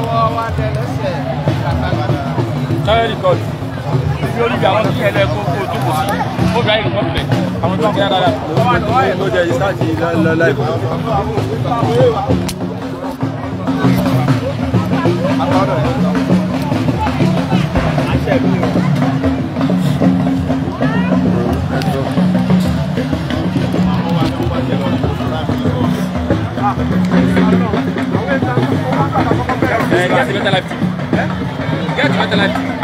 you tọ́yọ̀ rìkọ́dù ìfi orí àwọn kí ẹlẹ́ kó kó tó kò sí ó gbà ìrìn kọ́pìlẹ̀ àwọn tó ń kẹ́ dára. ló jẹ ìsáàtì láìpẹ́. Thank you. Eh, gars, tu vas à la petite. Gars, tu vas à la petite.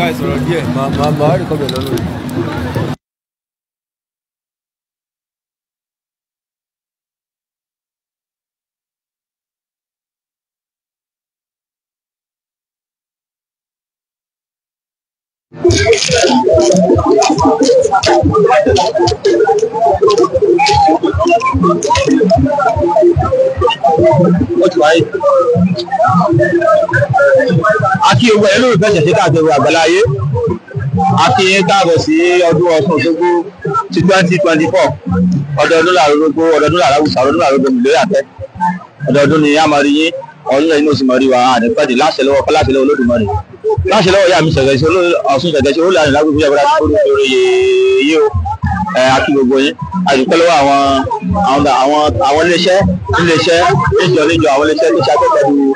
guy sọ̀rọ̀ díẹ̀. màá màá rí kọ́bẹ̀ lọ́nà yìí. What's right? kí owó ẹ lóòótọ́ ìṣẹ̀ṣẹ̀ káàkiri àgbáláyé a kí yín káàbọ̀ sí ọdún Ọ̀ṣun Òṣogbo ti twenty twenty four ọdọọdún làrógbó ọdọọdún làráwùsà ọdọọdún làrógbó ìlú àtẹ ọdọọdún ni amọ̀rí yín ọdún lẹ́yìn oṣù mọ̀rí wa àdẹ́pẹ́dì láṣẹ lọ́wọ́ láṣẹ lọ́wọ́ Olódùmarè láṣẹ lọ́wọ́ ìyá mi sẹ̀gẹ̀ ṣe Ọ̀ṣun sẹ̀gẹ̀ ṣe olùdarí lágbègbè ìjọba olùdarí yìí o gbogbo yín a dúpẹ́ lọ́wọ́ àwọn àwọn iléeṣẹ́ iléeṣẹ́ níjọ níjọ àwọn iléeṣẹ́ iléeṣẹ́ akẹ́kọ̀ọ́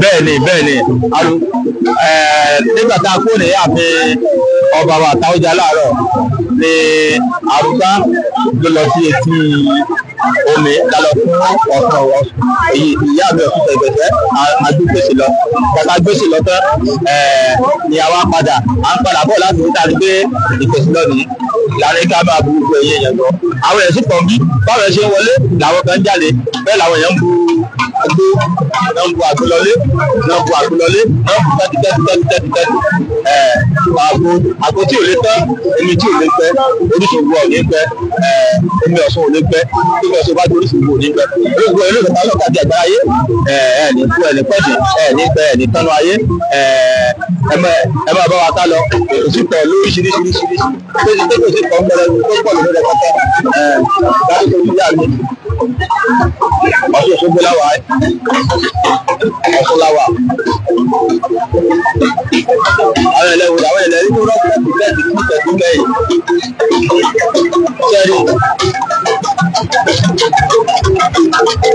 bẹ́ẹ̀ni bẹ́ẹ̀ni alu ẹẹ nígbà tá a kó ní ààfin ọba wa Táójà láàárọ̀ ní àrùká ló lọ sí etí omi lálọ fún ọ̀sán wọn èyí ìyá mi ọ̀sùn tẹ̀gbẹ̀sẹ̀ agbègbèsè lọ bàtà gbèsè lọ tán ẹ̀ẹ́ ni àwa padà à ń padà bọ̀ láti níta ni pé ìgbèsè lọ nìyí láàrin ká máa bu gbogbo ẹ̀yìn èèyàn lọ àwọn èèyàn sì pọ̀ ń bí báwọn ẹ̀ ṣe ń wọlé làwọn kan jáde bẹ́ẹ̀ làwọn èèyàn ń bu náà bu àgbélọ́lé náà bu àgbélọ́lé náà bu tẹ́tí tẹ́tí tẹ́tí tẹ́tí tẹ́tí ẹ̀ àgbo àgbo tí ò lè tán omi tí ò lè pẹ́ oríṣiríṣi ò ní pẹ́ omi ọ̀sán ò lè pẹ́ omi ọ̀sán bá di oríṣiríṣi ò ní pẹ́ gbogbo ẹ̀rọ ìgbà lọ́kà àti àgbà ayé ẹ̀ ẹ̀ ní kú ẹ̀ ní pẹ́ẹ́dì ẹ̀ ní pẹ́ ẹ̀ ní tánú ayé ẹ̀ ẹ máa bá wa ká lọ òsì pọ̀ lóríṣiríṣiríṣiríṣi tó ti tó ti pọ̀ ń bẹ̀rẹ̀ tó pọ̀ lórí rẹ̀ wáṣọ ṣogbo láwa ọkọ láwa àwọn ẹlẹ́wò àwọn ẹlẹ́wò ní rọ́ọ̀kì láti bẹ́ẹ̀ ti kú tẹ̀sí mẹ́yìn sẹ́rí.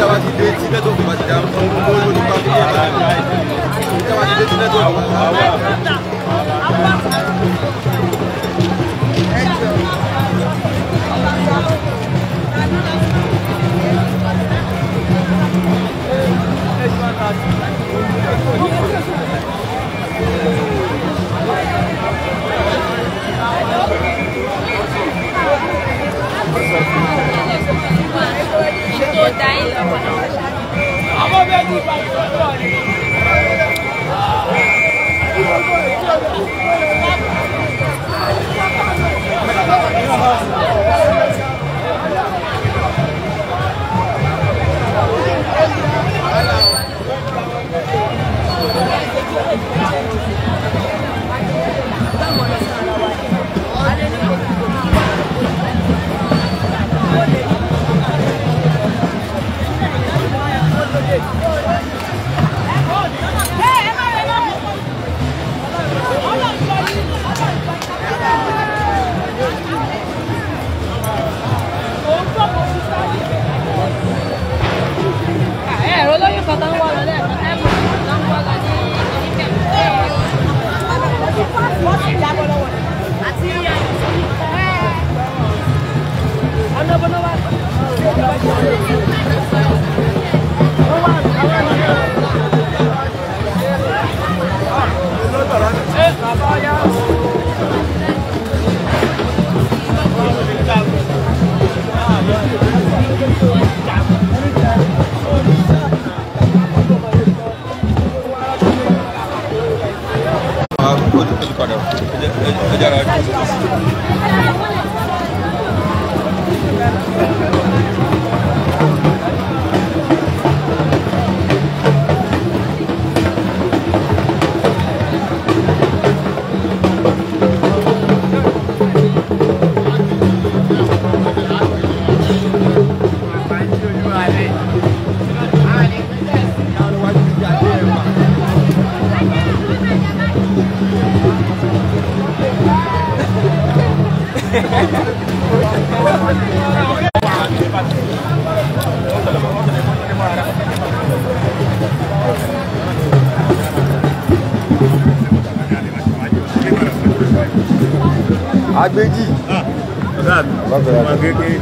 táwa ti dé tí nẹ́tíwọ̀kì bá ti dá ọmọ owó lórí pápá ní ẹ̀ka tí táwa ti dé tí nẹ́tíwọ̀kì bá ti Thank you. Agbeji. Ah, sabe? Agbeji.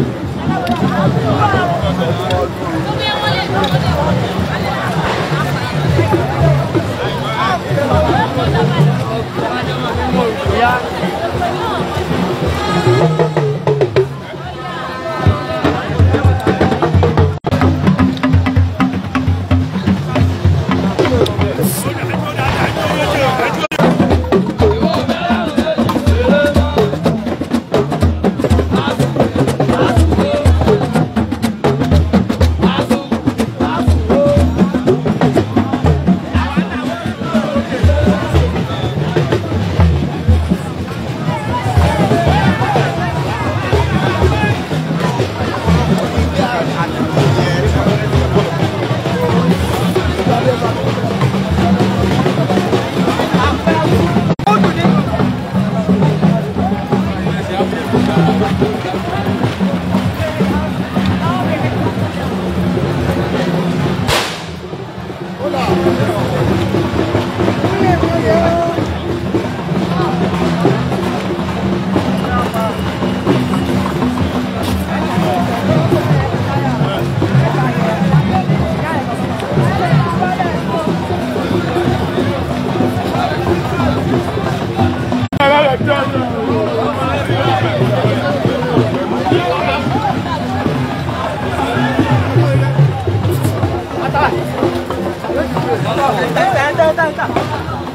在干吗？